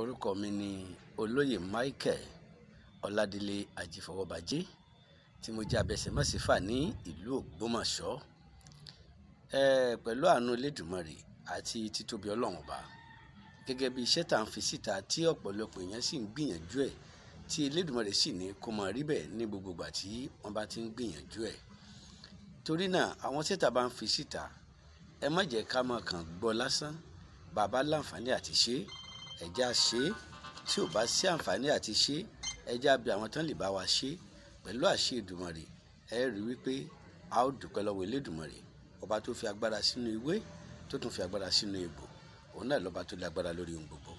orúkọ mi ni olóyè Michael Ọládélé Ajífọwọ́bajé tí mo jẹ́ abẹsẹ̀mọ́sífà ní ìlú Ògbómọ̀ṣọ́ ẹ pẹ̀lú àánú Elédùmarè àti títóbi Ọlọ́run ọba gẹ́gẹ́ bí iṣẹ́ tá à ń fi síta tí ọ̀pọ̀lọpọ̀ èèyàn sì ń gbìyànjú ẹ̀ tí Elédùmarè sì ní kó máa rí bẹ́ẹ̀ ní gbogbo ìgbà tí wọ́n bá ti ń gbìyànjú ẹ̀ torí náà àwọn síta bá ń fi síta ẹ má jẹ́ ká máa kàn gbọ́ lásán bàbá láǹfààní àti ṣe é ẹ̀já ṣe é tí ò bá sí àǹfààní àti ṣe é ẹ̀já bí àwọn tán lè bá wa ṣe é pẹ̀lú àṣẹ Èdùmàrè ẹ rí wípé a ó dúpẹ́ lọ́wọ́ Elédùmarè ọba tó fi agbára sínú ìwé tó tún fi agbára sínú ìbò òun náà lọ́ba tó lágbára lórí ohun gbogbo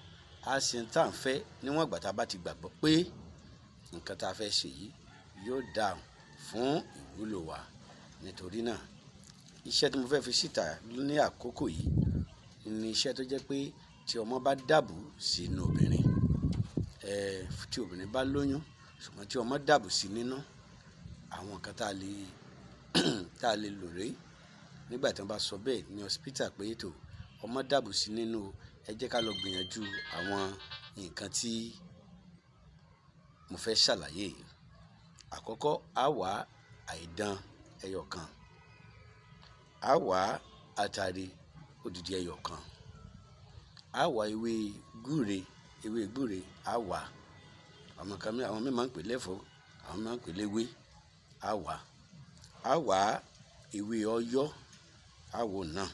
a sì ń tà ń fẹ́ níwọ̀n ìgbà tá a bá ti gbàgbọ́ pé nǹkan tá a fẹ́ ṣe yìí yóò dáhùn fún ìwúlò wa nítorí náà iṣẹ́ tí mo fẹ́ fi síta ní àkókò yìí ni iṣẹ́ tó jẹ́ pé tí ọmọ bá dàbò sínú obìnrin ẹ tí obìnrin bá lóyún ṣùgbọ́n tí ọmọ dàbò sí nínú àwọn nǹkan tá a lè tá a lè lò rèé nígbà tí wọ́n bá sọ bẹ́ẹ̀ ní hospital pé tó ọmọ dàbò sí nínú ẹ jẹ́ ká lọ gbìyànjú àwọn nǹkan tí mo fẹ́ ṣàlàyé yìí àkọ́kọ́ á wá àìdán ẹyọ kan á wá àtàrí odidi ẹyọ kan á wá ewé gúre ewé gúre á wá àwọn kan àwọn mi máa ń pè lẹ́fọ́ àwọn máa ń pè léwé á wá á wá ewé ọyọ́ á wò náà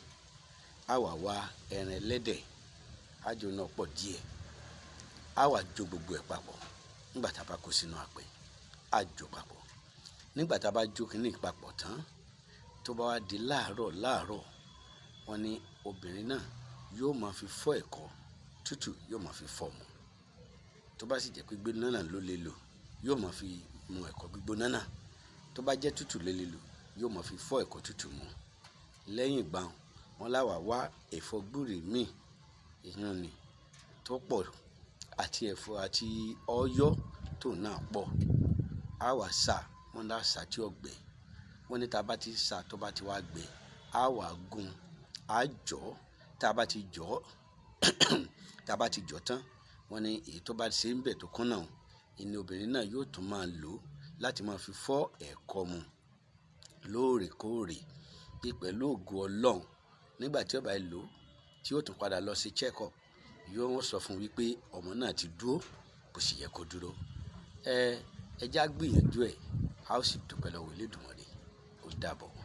á wá wá ẹran ẹlẹ́dẹ̀ á jò náà pọ̀ díẹ̀ á wá gbogbo ẹ̀ papọ̀ nígbà tá a bá kó sínú àpè á papọ̀ nígbà tá a bá jó kínní papọ̀ tán tó bá wá di láàárọ̀ láàárọ̀ wọ́n ní obìnrin náà yóò máa fi fọ́ ẹ̀kọ́ tútù yóò máa fi fọ́ mu tó bá sì jẹ́ pé gbóná náà ló lè lò yóò máa fi mu ẹ̀kọ́ gbígbóná náà tó bá jẹ́ tútù ló lè lò yóò máa fi fọ́ ẹ̀kọ́ tútù mu lẹ́yìn ìgbà wọn láwàá wá ẹ̀fọ́ gbúre míì ìyàn ni tó pọ̀ àti ẹ̀fọ́ àti ọ̀yọ́ tó náà pọ̀ á wà sà wọn dá sà tí ọ̀gbẹ́ wọn ní bá ti sà tó bá ti wá gbẹ á wà gún á jọ́ tá a bá ti jọ ọ́ tá a bá ti jọ tán wọ́n ní èyí tó bá ṣe ń bẹ̀ tó kán náà ìní obìnrin náà yóò tún máa lò láti máa fi fọ́ ẹ̀kọ́ mu lóòrèkóòrè bí pẹ̀lú ògo ọlọ́run nígbà tí ó bá lò tí ó tún padà lọ sí check up yóò sọ fún wípé ọmọ náà ti dúró kò sì yẹ kó dúró ẹ ẹ já gbìyànjú ẹ a ó sì dúpẹ́ lọ́wọ́ Elédùmarè ó dàbọ̀.